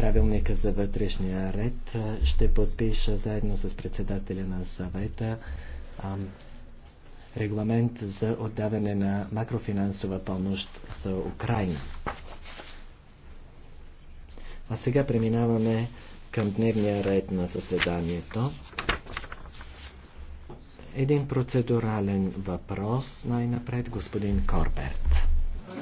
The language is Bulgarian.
правилника за вътрешния ред ще подпиша заедно с председателя на съвета регламент за отдаване на макрофинансова помощ за Украина. А сега преминаваме към дневния ред на заседанието. Един процедурален въпрос най-напред господин Корберт.